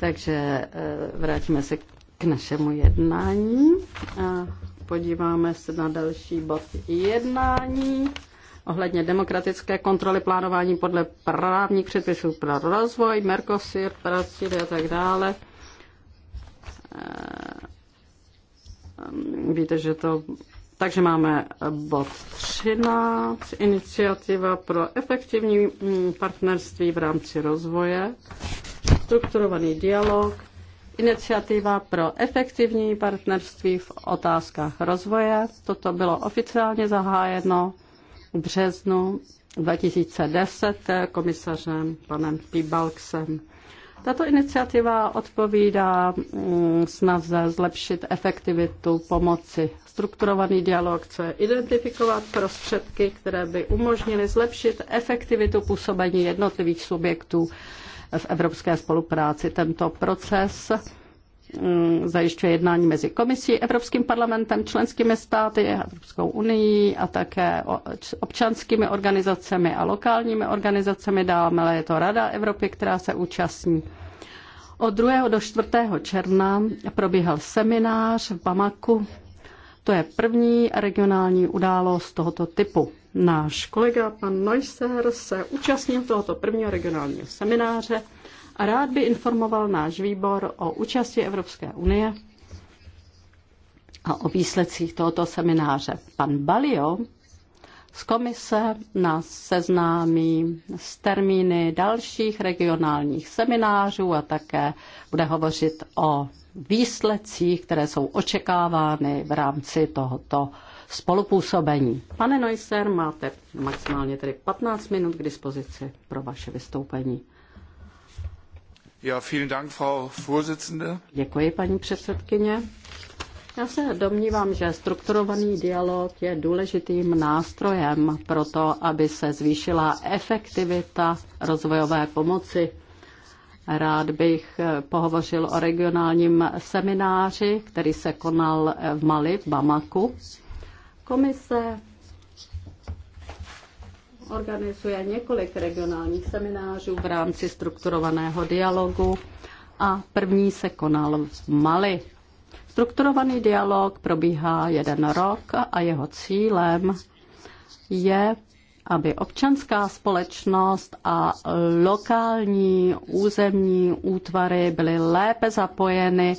Takže eh, vrátíme se k našemu jednání a podíváme se na další bod jednání ohledně demokratické kontroly plánování podle právních předpisů pro rozvoj, Mercosur, Brazílie a tak dále. Eh, víte, že to takže máme bod 13, iniciativa pro efektivní mm, partnerství v rámci rozvoje, strukturovaný dialog, iniciativa pro efektivní partnerství v otázkách rozvoje. Toto bylo oficiálně zahájeno v březnu 2010 komisařem panem Pibalksem. Tato iniciativa odpovídá mm, snaze zlepšit efektivitu pomoci. Strukturovaný dialog chce identifikovat prostředky, které by umožnily zlepšit efektivitu působení jednotlivých subjektů v evropské spolupráci. Tento proces Mm, zajišťuje jednání mezi komisí, Evropským parlamentem, členskými státy, Evropskou unii a také občanskými organizacemi a lokálními organizacemi. Dále je to Rada Evropy, která se účastní. Od 2. do 4. června probíhal seminář v Bamaku. To je první regionální událost tohoto typu. Náš kolega pan Neusser se účastnil tohoto prvního regionálního semináře a rád by informoval náš výbor o účasti Evropské unie a o výsledcích tohoto semináře. Pan Balio z komise nás seznámí s termíny dalších regionálních seminářů a také bude hovořit o výsledcích, které jsou očekávány v rámci tohoto spolupůsobení. Pane Neusser, máte maximálně tedy 15 minut k dispozici pro vaše vystoupení. Děkuji, paní předsedkyně. Já se domnívám, že strukturovaný dialog je důležitým nástrojem pro to, aby se zvýšila efektivita rozvojové pomoci. Rád bych pohovořil o regionálním semináři, který se konal v Mali, v Bamaku. Komise organizuje několik regionálních seminářů v rámci strukturovaného dialogu a první se konal v Mali. Strukturovaný dialog probíhá jeden rok a jeho cílem je aby občanská společnost a lokální územní útvary byly lépe zapojeny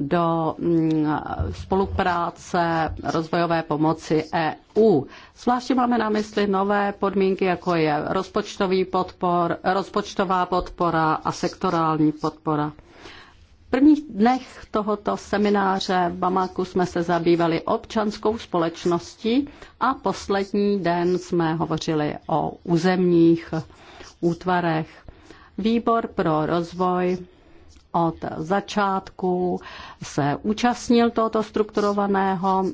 do mm, spolupráce rozvojové pomoci EU. Zvláště máme na mysli nové podmínky, jako je rozpočtový podpor, rozpočtová podpora a sektorální podpora. V prvních dnech tohoto semináře v Bamaku jsme se zabývali občanskou společností a poslední den jsme hovořili o územních útvarech. Výbor pro rozvoj od začátku se účastnil tohoto strukturovaného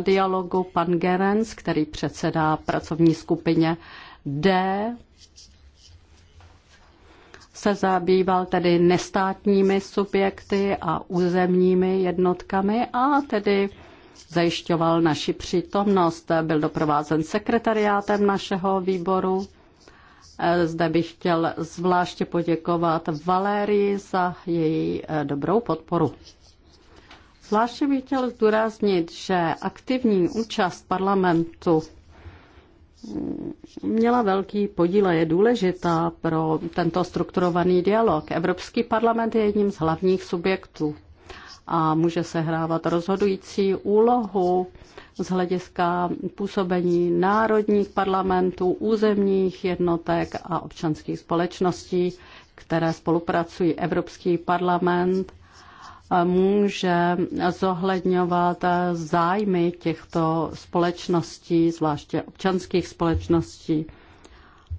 dialogu pan Gerens, který předsedá pracovní skupině D se zabýval tedy nestátními subjekty a územními jednotkami a tedy zajišťoval naši přítomnost. Byl doprovázen sekretariátem našeho výboru. Zde bych chtěl zvláště poděkovat Valérii za její eh, dobrou podporu. Zvláště bych chtěl zdůraznit, že aktivní účast parlamentu měla velký podíl a je důležitá pro tento strukturovaný dialog. Evropský parlament je jedním z hlavních subjektů a může se hrávat rozhodující úlohu z hlediska působení národních parlamentů, územních jednotek a občanských společností, které spolupracují. Evropský parlament může zohledňovat zájmy těchto společností, zvláště občanských společností.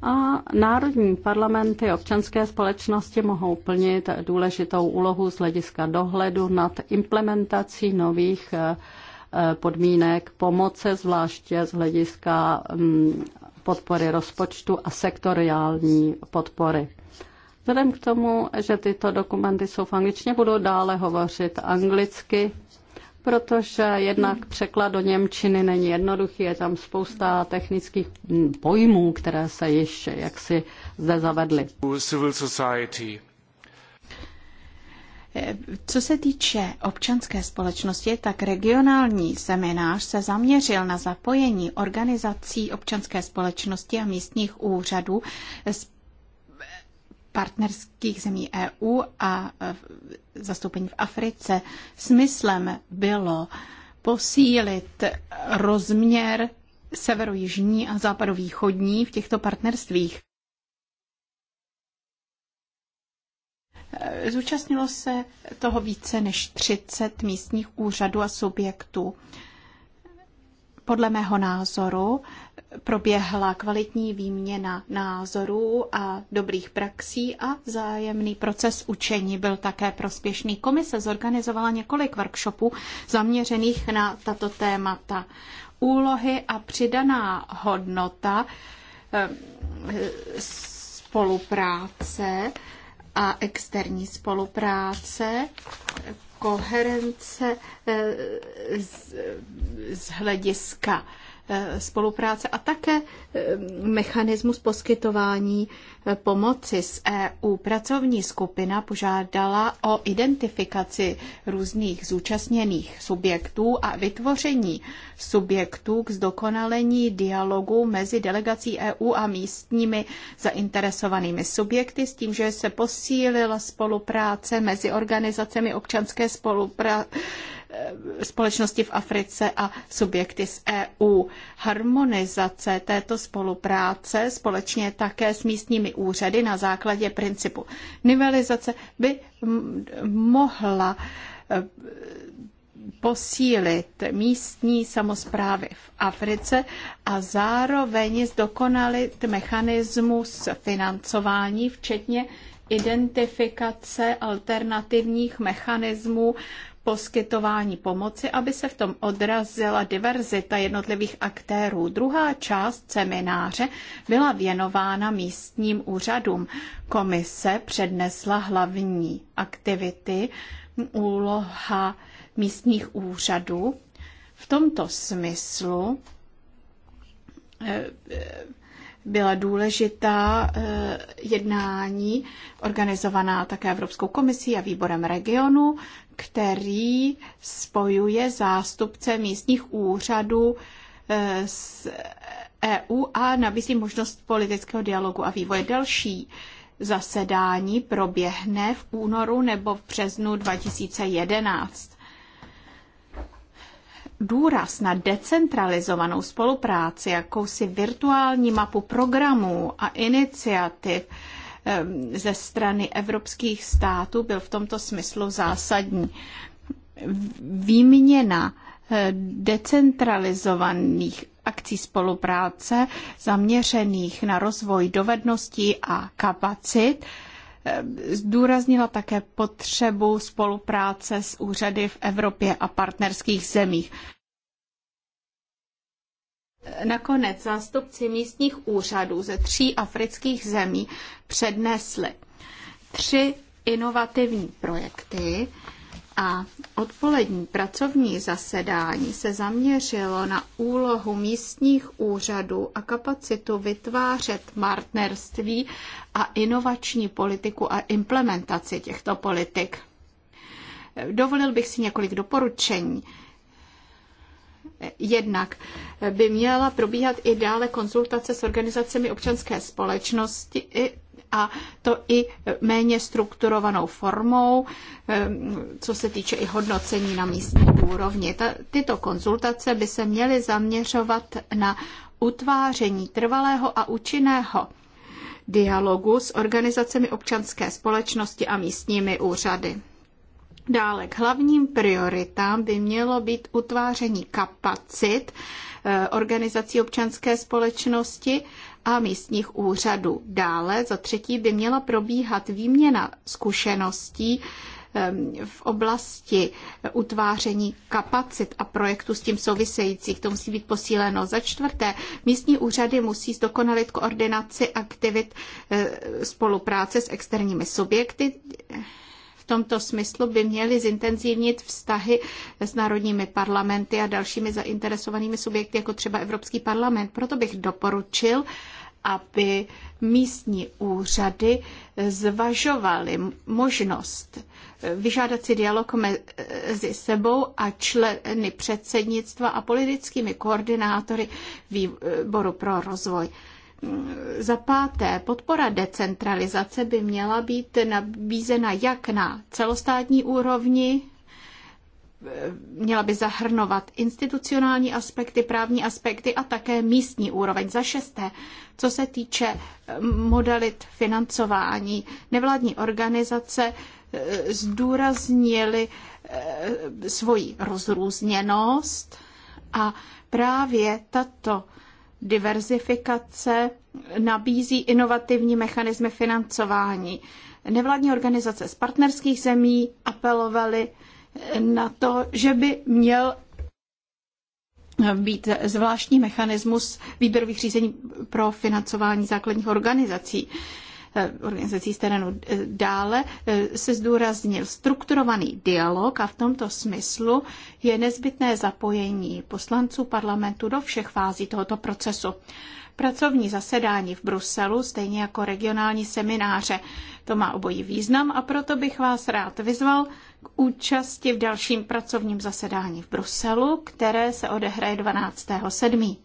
A národní parlamenty občanské společnosti mohou plnit důležitou úlohu z hlediska dohledu nad implementací nových eh, podmínek pomoce, zvláště z hlediska mm, podpory rozpočtu a sektoriální podpory. Vzhledem k tomu, že tyto dokumenty jsou v angličtině, budu dále hovořit anglicky, protože jednak překlad do Němčiny není jednoduchý, je tam spousta technických pojmů, které se ještě jaksi zde zavedly. Civil society. Co se týče občanské společnosti, tak regionální seminář se zaměřil na zapojení organizací občanské společnosti a místních úřadů partnerských zemí EU a e, zastoupení v Africe. Smyslem bylo posílit rozměr severojižní a západovýchodní v těchto partnerstvích. E, zúčastnilo se toho více než 30 místních úřadů a subjektů. Podle mého názoru proběhla kvalitní výměna názorů a dobrých praxí a zájemný proces učení byl také prospěšný. Komise zorganizovala několik workshopů zaměřených na tato témata. Úlohy a přidaná hodnota eh, spolupráce a externí spolupráce koherence eh, z, z hlediska Eh, spolupráce a také eh, mechanismus poskytování eh, pomoci z EU. Pracovní skupina požádala o identifikaci různých zúčastněných subjektů a vytvoření subjektů k zdokonalení dialogu mezi delegací EU a místními zainteresovanými subjekty s tím, že se posílila spolupráce mezi organizacemi občanské spolupráce Eh, společnosti v Africe a subjekty z EU. Harmonizace této spolupráce společně také s místními úřady na základě principu nivelizace by mohla eh, posílit místní samozprávy v Africe a zároveň zdokonalit mechanismus financování, včetně identifikace alternativních mechanismů poskytování pomoci, aby se v tom odrazila diverzita jednotlivých aktérů. Druhá část semináře byla věnována místním úřadům. Komise přednesla hlavní aktivity, úloha místních úřadů. V tomto smyslu eh, byla důležitá eh, jednání organizovaná také Evropskou komisí a výborem regionu, který spojuje zástupce místních úřadů eh, s EU a nabízí možnost politického dialogu a vývoje. Další zasedání proběhne v únoru nebo v březnu 2011 důraz na decentralizovanou spolupráci, jakousi virtuální mapu programů a iniciativ ehm, ze strany evropských států byl v tomto smyslu zásadní. Výměna eh, decentralizovaných akcí spolupráce zaměřených na rozvoj dovedností a kapacit Zdůraznila také potřebu spolupráce s úřady v Evropě a partnerských zemích. Nakonec zástupci místních úřadů ze tří afrických zemí přednesli tři inovativní projekty, a odpolední pracovní zasedání se zaměřilo na úlohu místních úřadů a kapacitu vytvářet partnerství a inovační politiku a implementaci těchto politik. Dovolil bych si několik doporučení. Jednak by měla probíhat i dále konzultace s organizacemi občanské společnosti a to i méně strukturovanou formou, co se týče i hodnocení na místní úrovni. Tyto konzultace by se měly zaměřovat na utváření trvalého a účinného dialogu s organizacemi občanské společnosti a místními úřady. Dále k hlavním prioritám by mělo být utváření kapacit eh, organizací občanské společnosti a místních úřadů. Dále za třetí by měla probíhat výměna zkušeností v oblasti utváření kapacit a projektů s tím souvisejících. To musí být posíleno. Za čtvrté, místní úřady musí zdokonalit koordinaci aktivit eh, spolupráce s externími subjekty tomto smyslu by měly zintenzivnit vztahy s národními parlamenty a dalšími zainteresovanými subjekty, jako třeba Evropský parlament. Proto bych doporučil, aby místní úřady zvažovaly možnost vyžádat si dialog mezi sebou a členy předsednictva a politickými koordinátory výboru pro rozvoj. Za páté, podpora decentralizace by měla být nabízena jak na celostátní úrovni, měla by zahrnovat institucionální aspekty, právní aspekty a také místní úroveň. Za šesté, co se týče eh, modalit financování, nevládní organizace eh, zdůraznily eh, svoji rozrůzněnost a právě tato diverzifikace nabízí inovativní mechanismy financování. Nevládní organizace z partnerských zemí apelovaly na to, že by měl být zvláštní mechanismus výběrových řízení pro financování základních organizací. Eh, organizací z terénu. Eh, dále eh, se zdůraznil strukturovaný dialog a v tomto smyslu je nezbytné zapojení poslanců parlamentu do všech fází tohoto procesu. Pracovní zasedání v Bruselu, stejně jako regionální semináře, to má obojí význam a proto bych vás rád vyzval k účasti v dalším pracovním zasedání v Bruselu, které se odehraje 12.7.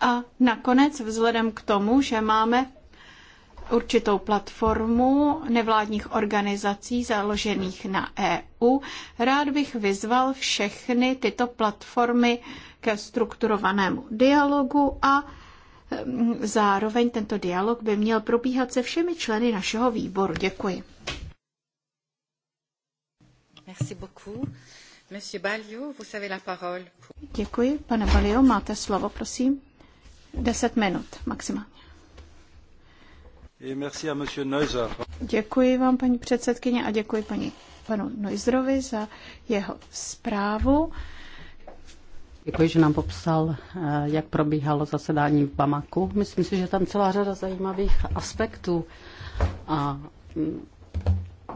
A nakonec, vzhledem k tomu, že máme určitou platformu nevládních organizací založených na EU. Rád bych vyzval všechny tyto platformy ke strukturovanému dialogu a mm, zároveň tento dialog by měl probíhat se všemi členy našeho výboru. Děkuji. Merci beaucoup. Monsieur Balio, vous avez la parole. Děkuji. Pane Balio, máte slovo, prosím minut maximálně. Děkuji vám, paní předsedkyně, a děkuji paní, panu Neusserovi za jeho zprávu. Děkuji, že nám popsal, eh, jak probíhalo zasedání v Bamaku. Myslím si, že tam celá řada zajímavých aspektů a mm,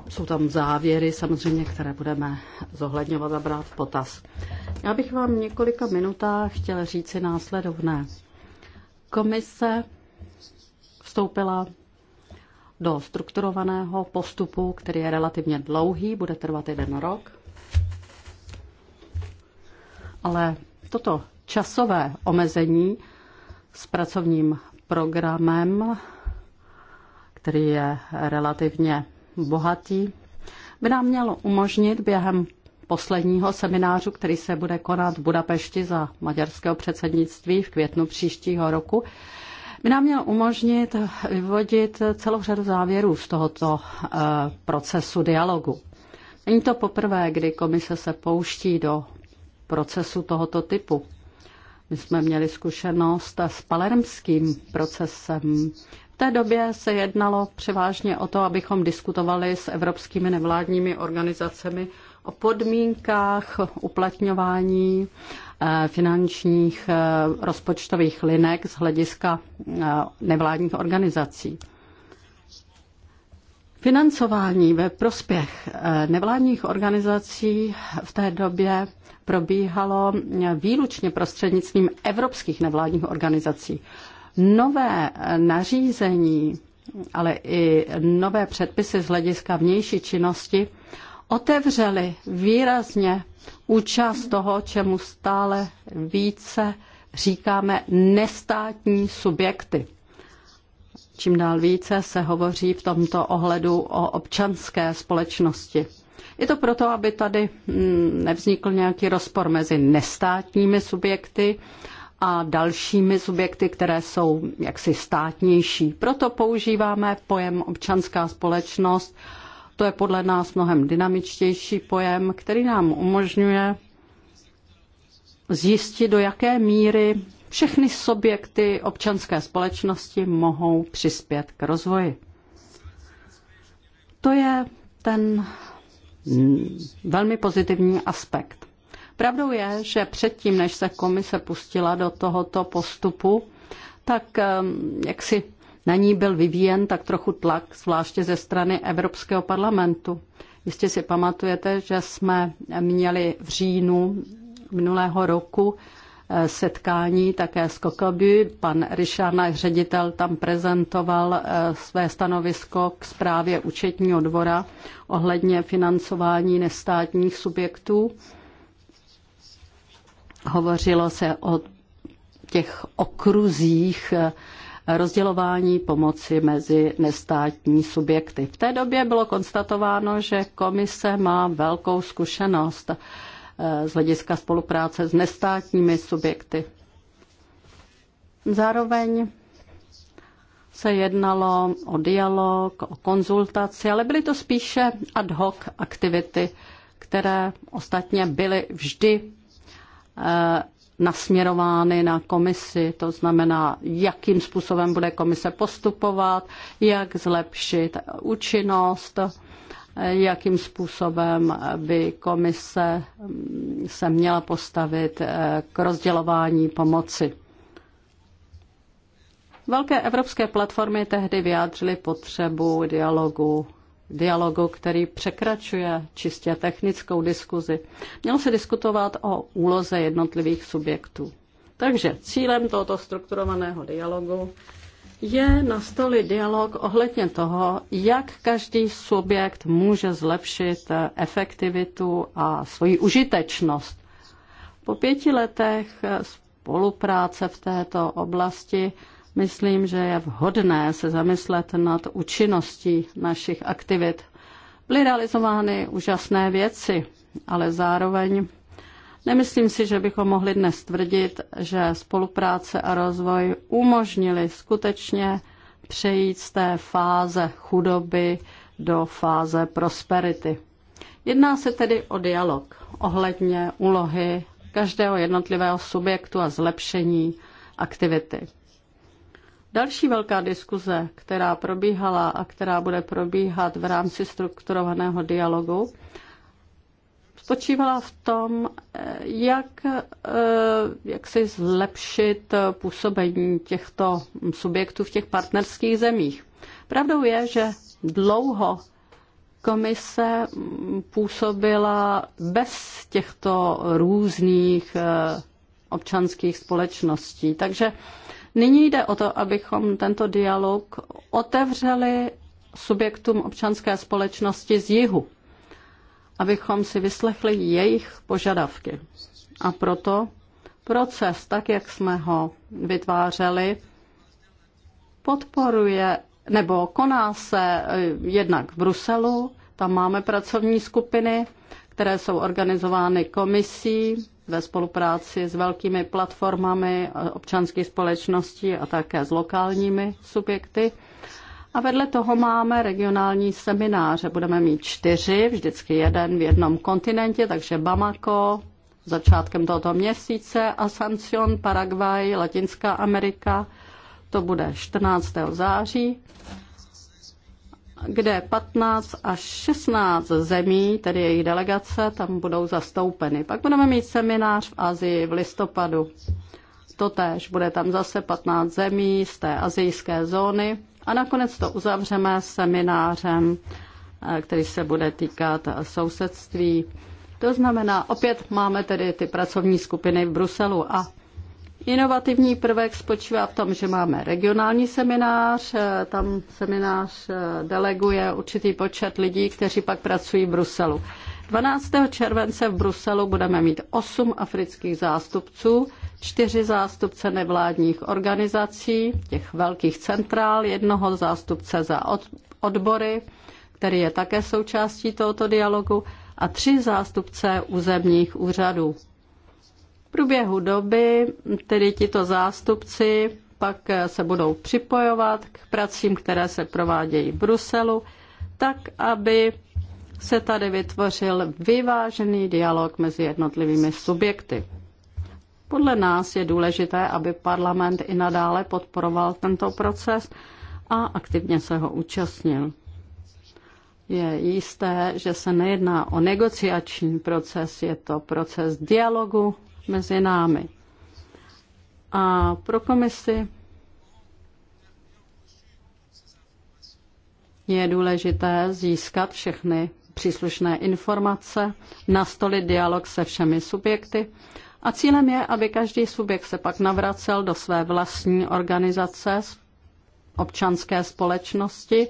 jsou tam závěry samozřejmě, které budeme zohledňovat a brát v potaz. Já bych vám v několika minutách chtěla říci následovné. Komise vstoupila do strukturovaného postupu, který je relativně dlouhý, bude trvat jeden rok. Ale toto časové omezení s pracovním programem, který je relativně bohatý, by nám mělo umožnit během posledního semináře, který se bude konat v Budapešti za maďarského předsednictví v květnu příštího roku, by nám měl umožnit vyvodit celou řadu závěrů z tohoto eh, procesu dialogu. Není to poprvé, kdy komise se pouští do procesu tohoto typu. My jsme měli zkušenost s palermským procesem. V té době se jednalo převážně o to, abychom diskutovali s evropskými nevládními organizacemi o podmínkách uplatňování eh, finančních eh, rozpočtových linek z hlediska eh, nevládních organizací. Financování ve prospěch nevládních organizací v té době probíhalo výlučně prostřednictvím evropských nevládních organizací. Nové nařízení, ale i nové předpisy z hlediska vnější činnosti otevřeli výrazně účast toho, čemu stále více říkáme nestátní subjekty. Čím dál více se hovoří v tomto ohledu o občanské společnosti. Je to proto, aby tady mm, nevznikl nějaký rozpor mezi nestátními subjekty a dalšími subjekty, které jsou jaksi státnější. Proto používáme pojem občanská společnost to je podle nás mnohem dynamičtější pojem, který nám umožňuje zjistit, do jaké míry všechny subjekty občanské společnosti mohou přispět k rozvoji. To je ten velmi pozitivní aspekt. Pravdou je, že předtím, než se komise pustila do tohoto postupu, tak ehm, jak si na ní byl vyvíjen tak trochu tlak, zvláště ze strany Evropského parlamentu. Jistě si pamatujete, že jsme měli v říjnu minulého roku eh, setkání také z Kokoby. Pan Richard, náš ředitel, tam prezentoval eh, své stanovisko k zprávě účetního dvora ohledně financování nestátních subjektů. Hovořilo se o těch okruzích eh, rozdělování pomoci mezi nestátní subjekty. V té době bylo konstatováno, že komise má velkou zkušenost eh, z hlediska spolupráce s nestátními subjekty. Zároveň se jednalo o dialog, o konzultaci, ale byly to spíše ad hoc aktivity, které ostatně byly vždy eh, nasměrovány na komisi, to znamená, jakým způsobem bude komise postupovat, jak zlepšit účinnost, jakým způsobem by komise mm, se měla postavit eh, k rozdělování pomoci. Velké evropské platformy tehdy vyjádřily potřebu dialogu dialogu, který překračuje čistě technickou diskuzi. Mělo se diskutovat o úloze jednotlivých subjektů. Takže cílem tohoto strukturovaného dialogu je nastolit dialog ohledně toho, jak každý subjekt může zlepšit efektivitu a svoji užitečnost. Po pěti letech spolupráce v této oblasti Myslím, že je vhodné se zamyslet nad účinností našich aktivit. Byly realizovány úžasné věci, ale zároveň nemyslím si, že bychom mohli dnes tvrdit, že spolupráce a rozvoj umožnili skutečně přejít z té fáze chudoby do fáze prosperity. Jedná se tedy o dialog ohledně úlohy každého jednotlivého subjektu a zlepšení aktivity. Další velká diskuze, která probíhala a která bude probíhat v rámci strukturovaného dialogu, spočívala v tom, jak, eh, jak si zlepšit působení těchto subjektů v těch partnerských zemích. Pravdou je, že dlouho komise působila bez těchto různých eh, občanských společností. Takže Nyní jde o to, abychom tento dialog otevřeli subjektům občanské společnosti z jihu, abychom si vyslechli jejich požadavky. A proto proces, tak jak jsme ho vytvářeli, podporuje nebo koná se eh, jednak v Bruselu, tam máme pracovní skupiny, které jsou organizovány komisí ve spolupráci s velkými platformami občanské společnosti a také s lokálními subjekty. A vedle toho máme regionální semináře. Budeme mít čtyři, vždycky jeden v jednom kontinentě, takže Bamako začátkem tohoto měsíce, Asuncion, Paraguay, Latinská Amerika, to bude 14. září kde 15 až 16 zemí, tedy jejich delegace, tam budou zastoupeny. Pak budeme mít seminář v Azii v listopadu. Totéž bude tam zase 15 zemí z té azijské zóny a nakonec to uzavřeme seminářem, eh, který se bude týkat sousedství. To znamená, opět máme tedy ty pracovní skupiny v Bruselu a Inovativní prvek spočívá v tom, že máme regionální seminář, eh, tam seminář eh, deleguje určitý počet lidí, kteří pak pracují v Bruselu. 12. července v Bruselu budeme mít 8 afrických zástupců, 4 zástupce nevládních organizací, těch velkých centrál, jednoho zástupce za odbory, který je také součástí tohoto dialogu, a tři zástupce územních úřadů průběhu doby tedy tito zástupci pak se budou připojovat k pracím, které se provádějí v Bruselu, tak aby se tady vytvořil vyvážený dialog mezi jednotlivými subjekty. Podle nás je důležité, aby parlament i nadále podporoval tento proces a aktivně se ho účastnil. Je jisté, že se nejedná o negociační proces, je to proces dialogu mezi námi. A pro komisi je důležité získat všechny příslušné informace, nastolit dialog se všemi subjekty a cílem je, aby každý subjekt se pak navracel do své vlastní organizace občanské společnosti,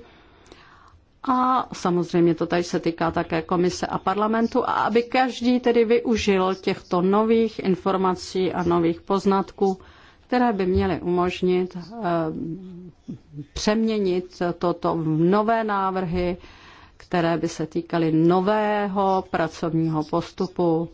a samozřejmě to tady se týká také komise a parlamentu, a aby každý tedy využil těchto nových informací a nových poznatků, které by měly umožnit eh, přeměnit toto v nové návrhy, které by se týkaly nového pracovního postupu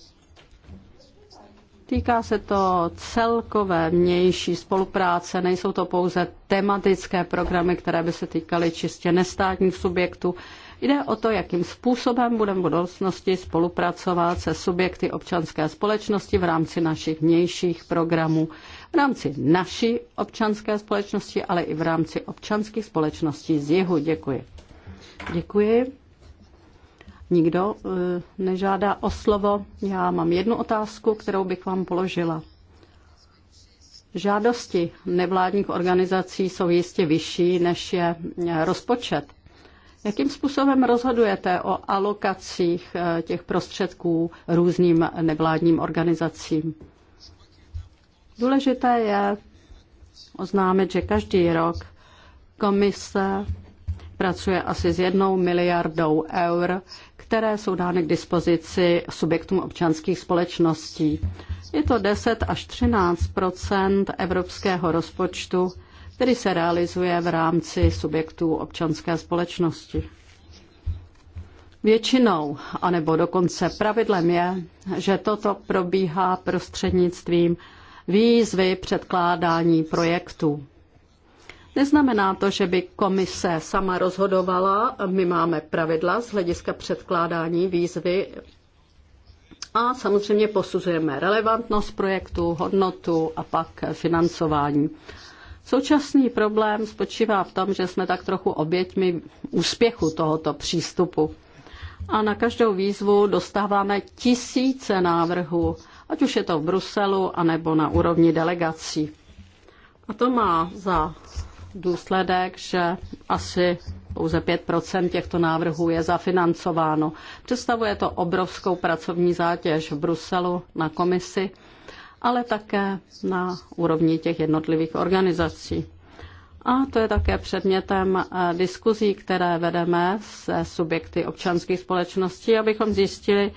Týká se to celkové vnější spolupráce, nejsou to pouze tematické programy, které by se týkaly čistě nestátních subjektů. Jde o to, jakým způsobem budeme v budoucnosti spolupracovat se subjekty občanské společnosti v rámci našich vnějších programů, v rámci naší občanské společnosti, ale i v rámci občanských společností z jihu. Děkuji. Děkuji. Nikdo eh, nežádá o slovo. Já mám jednu otázku, kterou bych vám položila. Žádosti nevládních organizací jsou jistě vyšší, než je eh, rozpočet. Jakým způsobem rozhodujete o alokacích eh, těch prostředků různým nevládním organizacím? Důležité je oznámit, že každý rok komise pracuje asi s jednou miliardou eur, které jsou dány k dispozici subjektům občanských společností. Je to 10 až 13 evropského rozpočtu, který se realizuje v rámci subjektů občanské společnosti. Většinou, anebo dokonce pravidlem je, že toto probíhá prostřednictvím výzvy předkládání projektů. Neznamená to, že by komise sama rozhodovala. My máme pravidla z hlediska předkládání výzvy a samozřejmě posuzujeme relevantnost projektu, hodnotu a pak financování. Současný problém spočívá v tom, že jsme tak trochu oběťmi úspěchu tohoto přístupu. A na každou výzvu dostáváme tisíce návrhů, ať už je to v Bruselu, anebo na úrovni delegací. A to má za důsledek, že asi pouze 5 těchto návrhů je zafinancováno. Představuje to obrovskou pracovní zátěž v Bruselu na komisi, ale také na úrovni těch jednotlivých organizací. A to je také předmětem eh, diskuzí, které vedeme se subjekty občanských společností, abychom zjistili,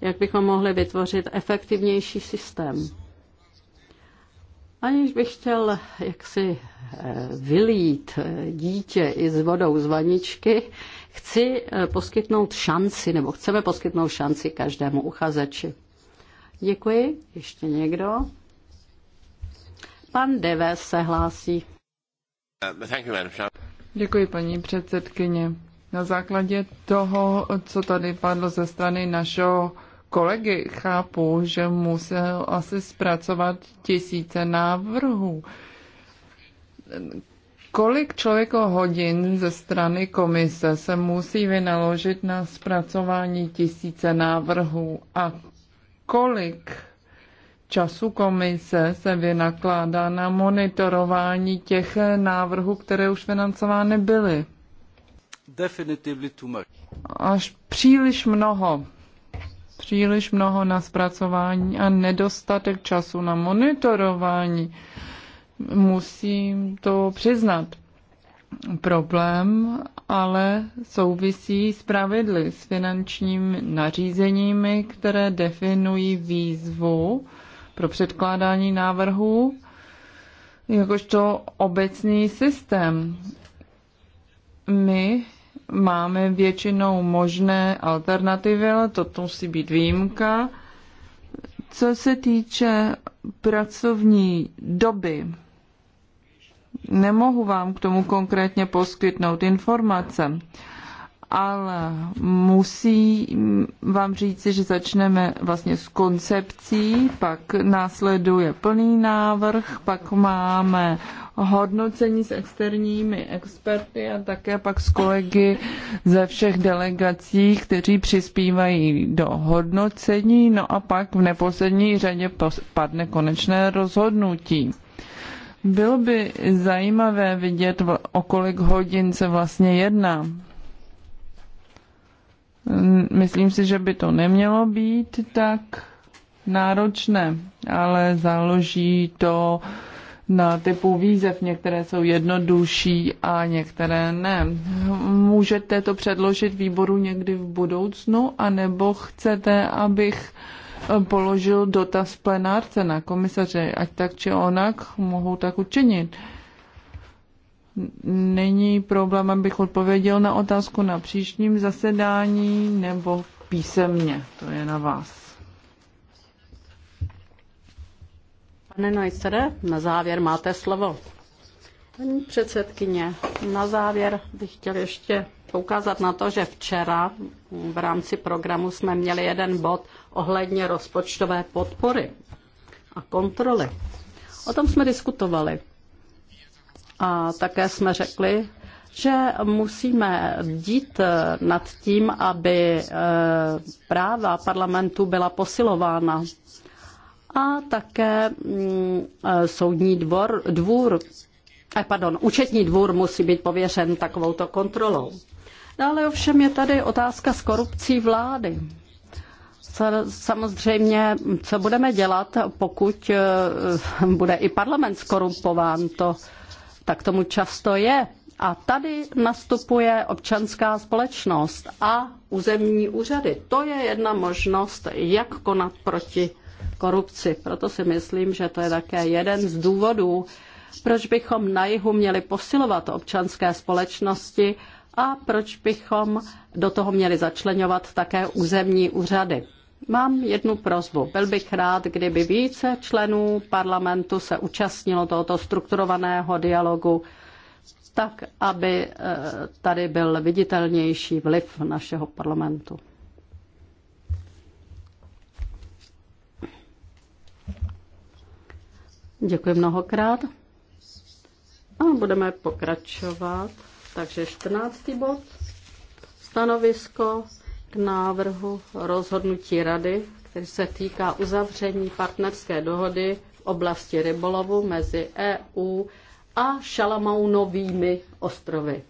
jak bychom mohli vytvořit efektivnější systém. Aniž bych chtěl jaksi eh, vylít eh, dítě i s vodou z vaničky, chci eh, poskytnout šanci, nebo chceme poskytnout šanci každému uchazeči. Děkuji. Ještě někdo? Pan Deve se hlásí. Děkuji, paní předsedkyně. Na základě toho, co tady padlo ze strany našeho kolegy chápu, že musel asi zpracovat tisíce návrhů. Kolik člověko hodin ze strany komise se musí vynaložit na zpracování tisíce návrhů a kolik času komise se vynakládá na monitorování těch návrhů, které už financovány byly? Definitively too much. Až příliš mnoho příliš mnoho na zpracování a nedostatek času na monitorování. Musím to přiznat. Problém ale souvisí s pravidly, s finančními nařízeními, které definují výzvu pro předkládání návrhů jakožto obecný systém. My máme většinou možné alternativy, ale to musí být výjimka. Co se týče pracovní doby, nemohu vám k tomu konkrétně poskytnout informace ale musí vám říci, že začneme vlastně s koncepcí, pak následuje plný návrh, pak máme hodnocení s externími experty a také pak s kolegy ze všech delegací, kteří přispívají do hodnocení, no a pak v neposlední řadě padne konečné rozhodnutí. Bylo by zajímavé vidět, o kolik hodin se vlastně jedná. Myslím si, že by to nemělo být tak náročné, ale záloží to na typu výzev. Některé jsou jednodušší a některé ne. Můžete to předložit výboru někdy v budoucnu, anebo chcete, abych položil dotaz plenárce na komisaře, ať tak či onak mohou tak učinit není problém, abych odpověděl na otázku na příštím zasedání nebo písemně. To je na vás. Pane Neusere, na závěr máte slovo. Paní předsedkyně, na závěr bych chtěl ještě poukázat na to, že včera v rámci programu jsme měli jeden bod ohledně rozpočtové podpory a kontroly. O tom jsme diskutovali. A také jsme řekli, že musíme dít nad tím, aby eh, práva parlamentu byla posilována. A také mm, eh, soudní dvor, dvůr, eh, pardon, účetní dvůr musí být pověřen takovouto kontrolou. Dále ovšem je tady otázka s korupcí vlády. Samozřejmě, co budeme dělat, pokud eh, bude i parlament skorumpován, to tak tomu často je. A tady nastupuje občanská společnost a územní úřady. To je jedna možnost, jak konat proti korupci. Proto si myslím, že to je také jeden z důvodů, proč bychom na jihu měli posilovat občanské společnosti a proč bychom do toho měli začlenovat také územní úřady. Mám jednu prozbu. Byl bych rád, kdyby více členů parlamentu se účastnilo tohoto strukturovaného dialogu, tak aby eh, tady byl viditelnější vliv našeho parlamentu. Děkuji mnohokrát. A budeme pokračovat. Takže 14. bod. Stanovisko k návrhu rozhodnutí Rady, který se týká uzavření partnerské dohody v oblasti rybolovu mezi EU a Šalamounovými ostrovy.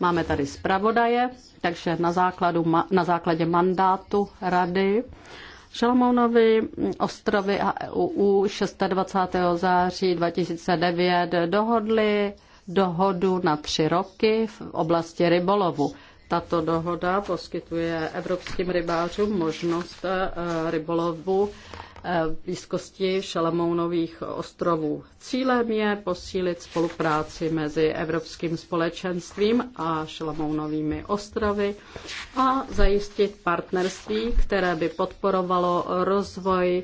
Máme tady zpravodaje, takže na, základu, na základě mandátu Rady Šalamounovy ostrovy a EU 26. září 2009 dohodly dohodu na tři roky v oblasti rybolovu. Tato dohoda poskytuje evropským rybářům možnost eh, rybolovu eh, v blízkosti Šalamounových ostrovů. Cílem je posílit spolupráci mezi Evropským společenstvím a Šalamounovými ostrovy a zajistit partnerství, které by podporovalo rozvoj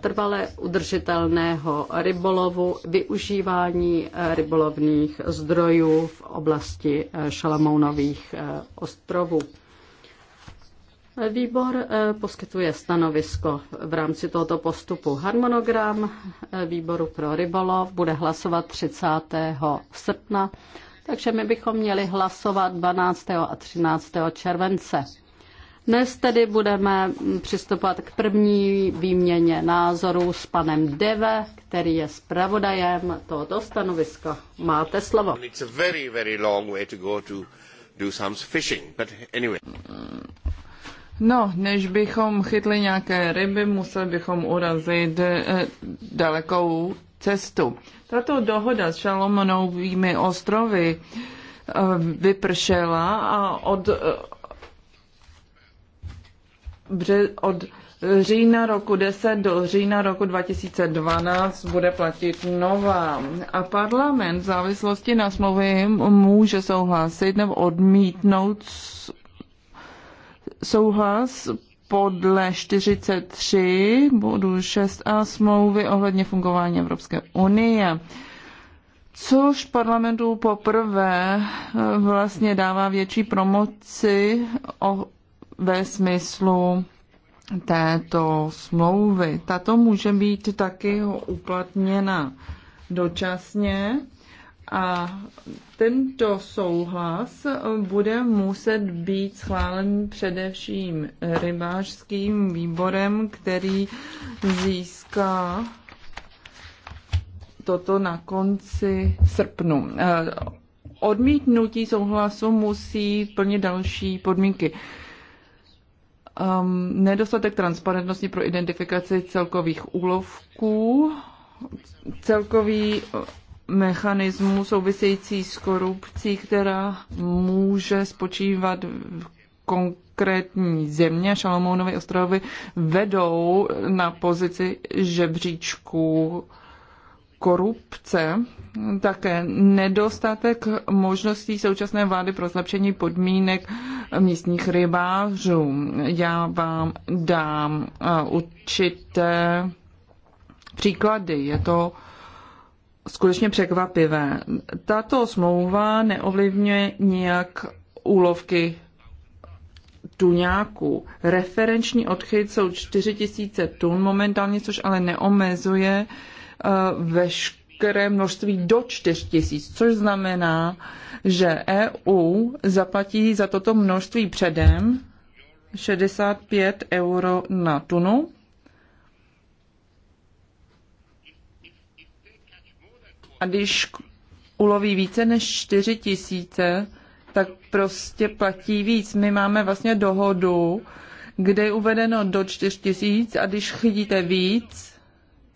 trvale udržitelného rybolovu, využívání e, rybolovných zdrojů v oblasti e, Šalamounových e, ostrovů. Výbor poskytuje stanovisko v rámci tohoto postupu. Harmonogram výboru pro rybolov bude hlasovat 30. srpna, takže my bychom měli hlasovat 12. a 13. července. Dnes tedy budeme přistupovat k první výměně názorů s panem Deve, který je zpravodajem tohoto stanoviska. Máte slovo. No, než bychom chytli nějaké ryby, museli bychom urazit eh, dalekou cestu. Tato dohoda s Šalomonovými ostrovy eh, vypršela a od eh, od října roku 10 do října roku 2012 bude platit nová. A parlament v závislosti na smlouvě může souhlasit nebo odmítnout souhlas podle 43 bodu 6a smlouvy ohledně fungování Evropské unie. Což parlamentu poprvé eh, vlastně dává větší promoci o ve smyslu této smlouvy. Tato může být taky uplatněna dočasně a tento souhlas bude muset být schválen především rybářským výborem, který získá toto na konci srpnu. Odmítnutí souhlasu musí plnit další podmínky um, nedostatek transparentnosti pro identifikaci celkových úlovků, celkový uh, mechanismus související s korupcí, která může spočívat v konkrétní země a Šalomounovy ostrovy vedou na pozici žebříčku korupce také nedostatek možností současné vlády pro zlepšení podmínek místních rybářů. Já vám dám eh, určité příklady. Je to skutečně překvapivé. Tato smlouva neovlivňuje nijak úlovky tuňáků. Referenční odchyt jsou 4000 tun momentálně, což ale neomezuje eh, veškeré veškeré množství do 4 tisíc, což znamená, že EU zaplatí za toto množství předem 65 euro na tunu. A když uloví více než 4 tisíce, tak prostě platí víc. My máme vlastně dohodu, kde je uvedeno do 4 tisíc a když chytíte víc,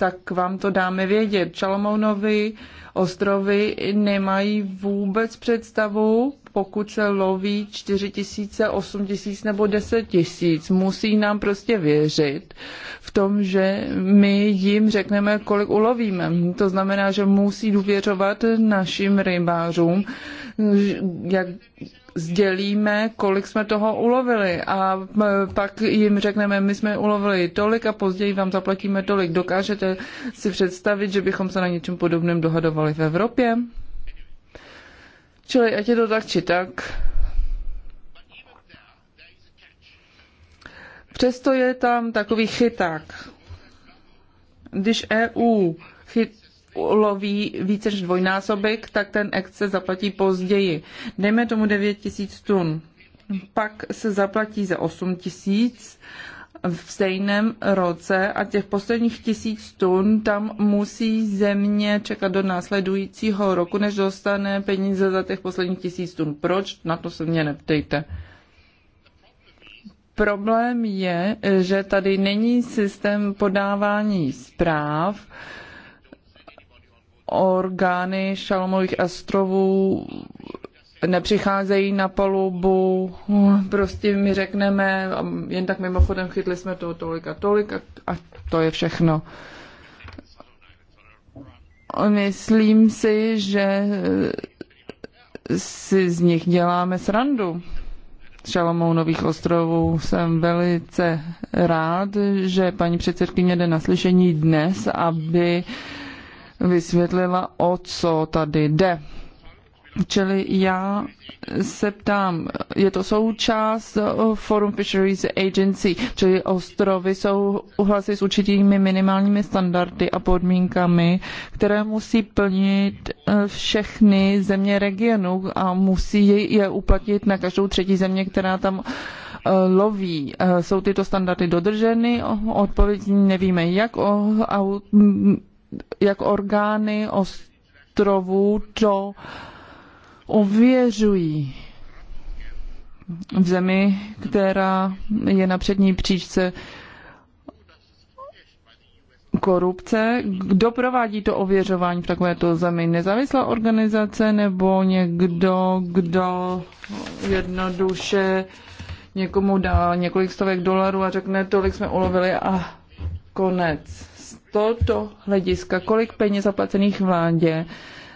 tak vám to dáme vědět. Čalomounovi ostrovy nemají vůbec představu, pokud se loví 4 tisíce, 8 tisíc nebo 10 tisíc. Musí nám prostě věřit v tom, že my jim řekneme, kolik ulovíme. To znamená, že musí důvěřovat našim rybářům, jak sdělíme, kolik jsme toho ulovili a e, pak jim řekneme, my jsme ulovili tolik a později vám zaplatíme tolik. Dokážete si představit, že bychom se na něčem podobném dohadovali v Evropě? Čili ať je to tak či tak. Přesto je tam takový chyták. Když EU chyt, uloví více než dvojnásobek, tak ten exce zaplatí později. Dejme tomu 9 tisíc tun. Pak se zaplatí za 8 tisíc v stejném roce a těch posledních tisíc tun tam musí země čekat do následujícího roku, než dostane peníze za těch posledních tisíc tun. Proč? Na to se mě neptejte. Problém je, že tady není systém podávání zpráv, orgány Šalmových ostrovů nepřicházejí na palubu, prostě my řekneme, jen tak mimochodem chytli jsme to tolik a tolik a, a to je všechno. Myslím si, že si z nich děláme srandu. Šalomou nových ostrovů jsem velice rád, že paní předsedkyně jde na slyšení dnes, aby uh, vysvětlila, o co tady jde. Čili já se ptám, je to součást eh, Forum Fisheries Agency, čili ostrovy jsou uhlasy s určitými minimálními standardy a podmínkami, které musí plnit eh, všechny země regionu a musí je uplatnit na každou třetí země, která tam eh, loví. Jsou tyto standardy dodrženy? Odpověď nevíme jak. O, jak orgány ostrovů to ověřují v zemi, která je na přední příčce korupce. Kdo provádí to ověřování v takovéto zemi? Nezávislá organizace nebo někdo, kdo jednoduše někomu dá několik stovek dolarů a řekne, tolik jsme ulovili a konec tohoto hlediska, kolik peněz zaplacených vládě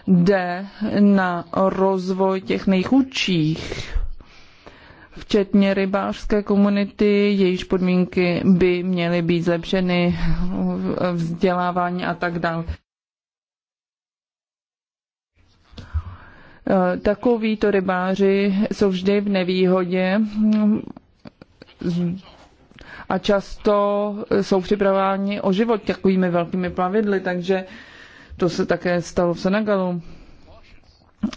jde na rozvoj těch nejchudších, včetně rybářské komunity, jejíž podmínky by měly být zlepšeny, vzdělávání a tak dále. Takovýto rybáři jsou vždy v nevýhodě a často jsou připraváni o život takovými velkými plavidly, takže to se také stalo v Senegalu.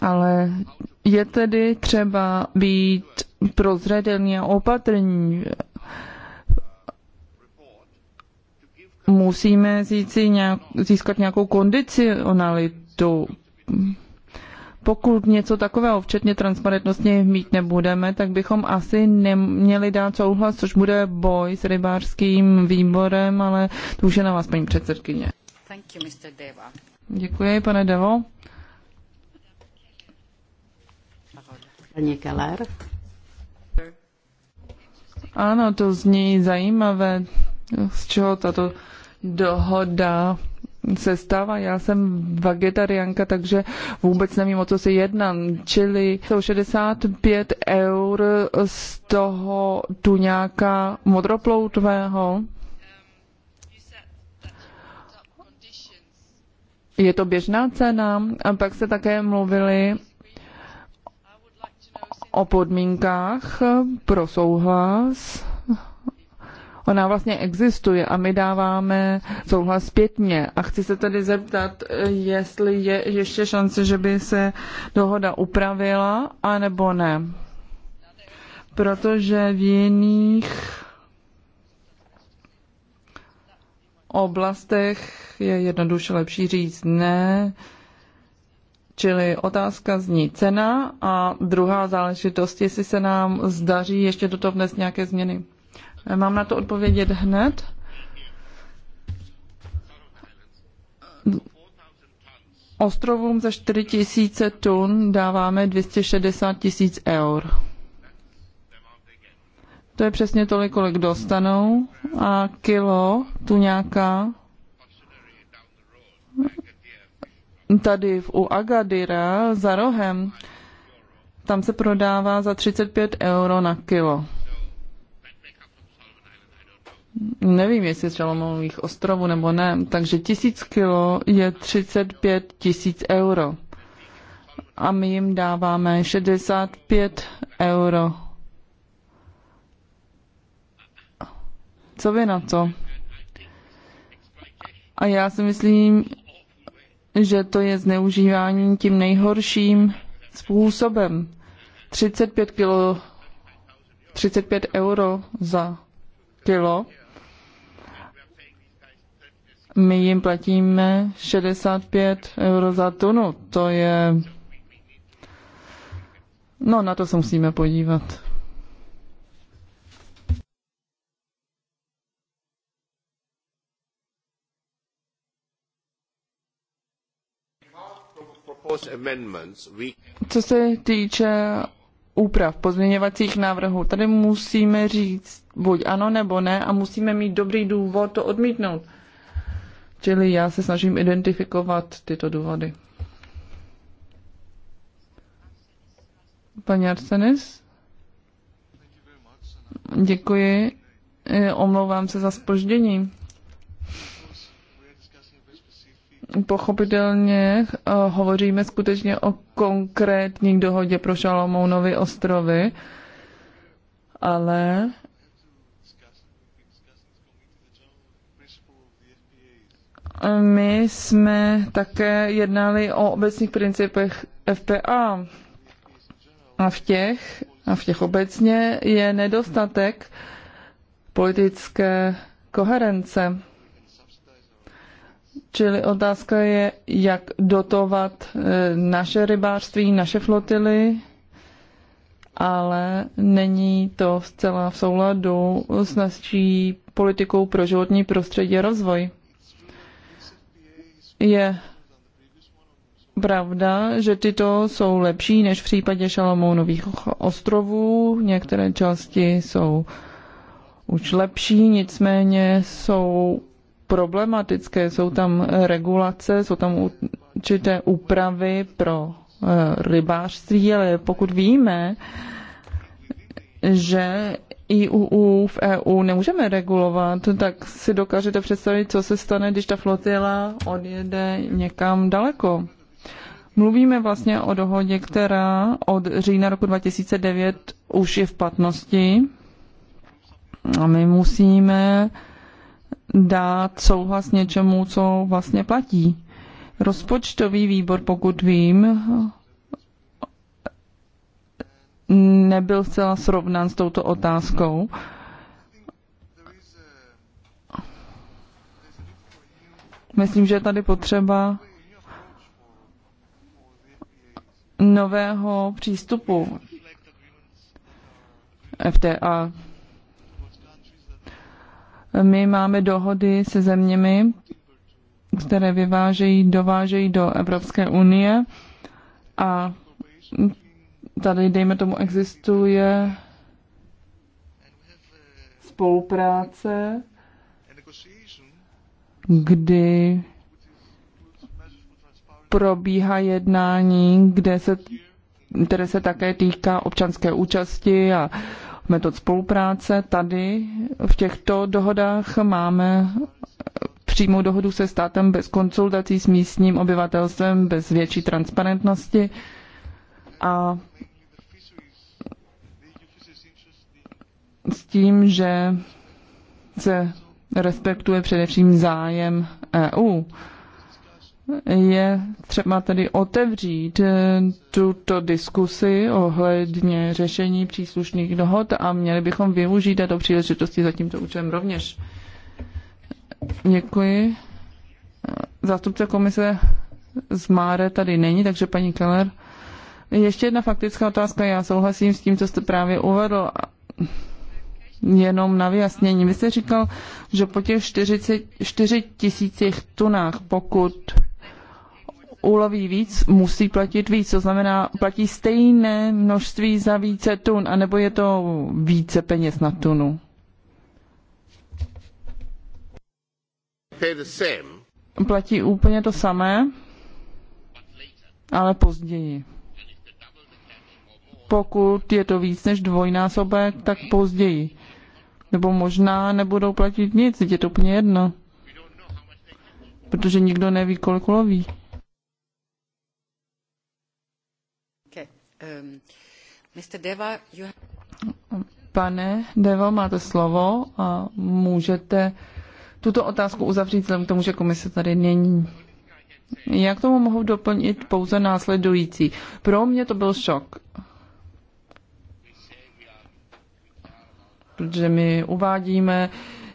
Ale je tedy třeba být prozřetelný a opatrní. Musíme získat nějakou kondicionalitu pokud něco takového, včetně transparentnosti, mít nebudeme, tak bychom asi neměli dát souhlas, což bude boj s rybářským výborem, ale to už je na vás, paní předsedkyně. Thank you, Mr. Deva. Děkuji, pane Devo. Paní Keller. Ano, to zní zajímavé, z čeho tato dohoda sestava. Já jsem vegetariánka, takže vůbec nevím, o co se jedná. Čili jsou 65 eur z toho tuňáka modroploutvého. Je to běžná cena. A pak se také mluvili o podmínkách pro souhlas. Ona vlastně existuje a my dáváme souhlas zpětně. A chci se tedy zeptat, jestli je ještě šance, že by se dohoda upravila, anebo ne. Protože v jiných oblastech je jednoduše lepší říct ne, Čili otázka zní cena a druhá záležitost, jestli se nám zdaří ještě do toho vnes nějaké změny. Mám na to odpovědět hned? Ostrovům za 4 tisíce tun dáváme 260 tisíc eur. To je přesně tolik, kolik dostanou. A kilo tu nějaká tady u Agadira za rohem, tam se prodává za 35 euro na kilo nevím, jestli z Žalomových ostrovů nebo ne, takže tisíc kilo je 35 tisíc euro. A my jim dáváme 65 euro. Co vy na to? A já si myslím, že to je zneužívání tím nejhorším způsobem. 35 kilo, 35 euro za kilo my jim platíme 65 euro za tunu. To je... No, na to se musíme podívat. Co se týče úprav pozměňovacích návrhů, tady musíme říct buď ano nebo ne a musíme mít dobrý důvod to odmítnout. Čili já se snažím identifikovat tyto důvody. Paní Arsenis? Děkuji. Eh, omlouvám se za spoždění. Pochopitelně eh, hovoříme skutečně o konkrétní dohodě pro Šalomounovy ostrovy, ale my jsme také jednali o obecných principech FPA. A v těch, a v těch obecně je nedostatek politické koherence. Čili otázka je, jak dotovat e, naše rybářství, naše flotily, ale není to zcela v souladu s naší politikou pro životní prostředí a rozvoj. Je pravda, že tyto jsou lepší než v případě Šalamounových ostrovů. Některé části jsou už lepší, nicméně jsou problematické. Jsou tam regulace, jsou tam určité úpravy pro eh, rybářství, ale pokud víme, že EU v EU nemůžeme regulovat, tak si dokážete představit, co se stane, když ta flotila odjede někam daleko. Mluvíme vlastně o dohodě, která od října roku 2009 už je v platnosti a my musíme dát souhlas něčemu, co vlastně platí. Rozpočtový výbor, pokud vím, nebyl zcela srovnán s touto otázkou. Myslím, že je tady potřeba nového přístupu FTA. My máme dohody se zeměmi, které vyvážejí, dovážejí do Evropské unie a tady, dejme tomu, existuje spolupráce, kdy probíhá jednání, kde se, které se také týká občanské účasti a metod spolupráce. Tady v těchto dohodách máme přímou dohodu se státem bez konzultací s místním obyvatelstvem, bez větší transparentnosti a s tím, že se respektuje především zájem EU. Je třeba tedy otevřít eh, tuto diskusi ohledně řešení příslušných dohod a měli bychom využít této příležitosti za tímto účelem rovněž. Děkuji. Zástupce komise z Máre tady není, takže paní Keller. Ještě jedna faktická otázka. Já souhlasím s tím, co jste právě uvedl jenom na vyjasnění. Vy jste říkal, že po těch 4 tisících tunách, pokud uloví víc, musí platit víc. To znamená, platí stejné množství za více tun, anebo je to více peněz na tunu? Platí úplně to samé, ale později. Pokud je to víc než dvojnásobek, tak později. Nebo možná nebudou platit nic, je to úplně jedno. Protože nikdo neví, kolik loví. Okay. Um, Deva, Pane Devo, máte slovo a můžete tuto otázku uzavřít vzhledem k tomu, že komise tady není. Jak tomu mohu doplnit pouze následující. Pro mě to byl šok. protože my uvádíme,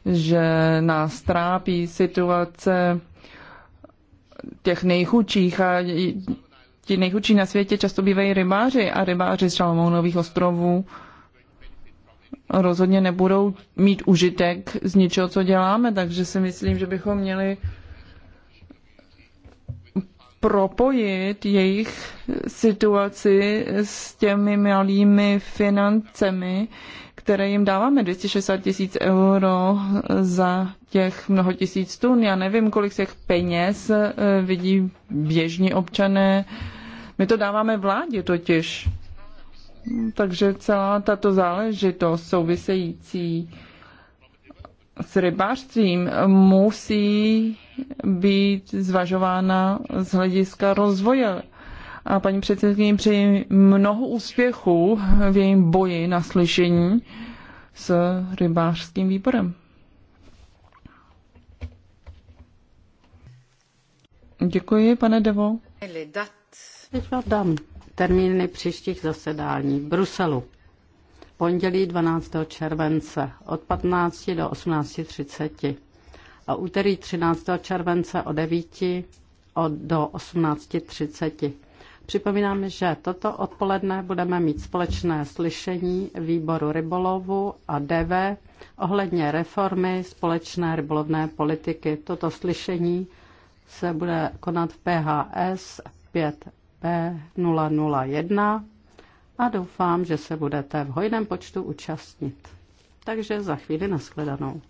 že nás trápí situace těch nejchudších a ti nejchudší na světě často bývají rybáři a rybáři z Šalmounových ostrovů rozhodně nebudou mít užitek z ničeho, co děláme, takže si myslím, že bychom měli propojit jejich situaci s těmi malými financemi, které jim dáváme, 260 tisíc euro za těch mnoho tisíc tun. Já nevím, kolik těch peněz eh, vidí běžní občané. My to dáváme vládě totiž. Takže celá tato záležitost související s rybářstvím musí být zvažována z hlediska rozvoje paní předsedkyně přeji mnoho úspěchů v jejím boji na slyšení s rybářským výborem. Děkuji, pane Devo. Teď vám dám termíny příštích zasedání v Bruselu. Pondělí 12. července od 15 do 18.30 a úterý 13. července od 9 od do 18.30. Připomínám, že toto odpoledne budeme mít společné slyšení výboru rybolovu a DV ohledně reformy společné rybolovné politiky. Toto slyšení se bude konat v PHS 5P001 a doufám, že se budete v hojném počtu účastnit. Takže za chvíli nashledanou.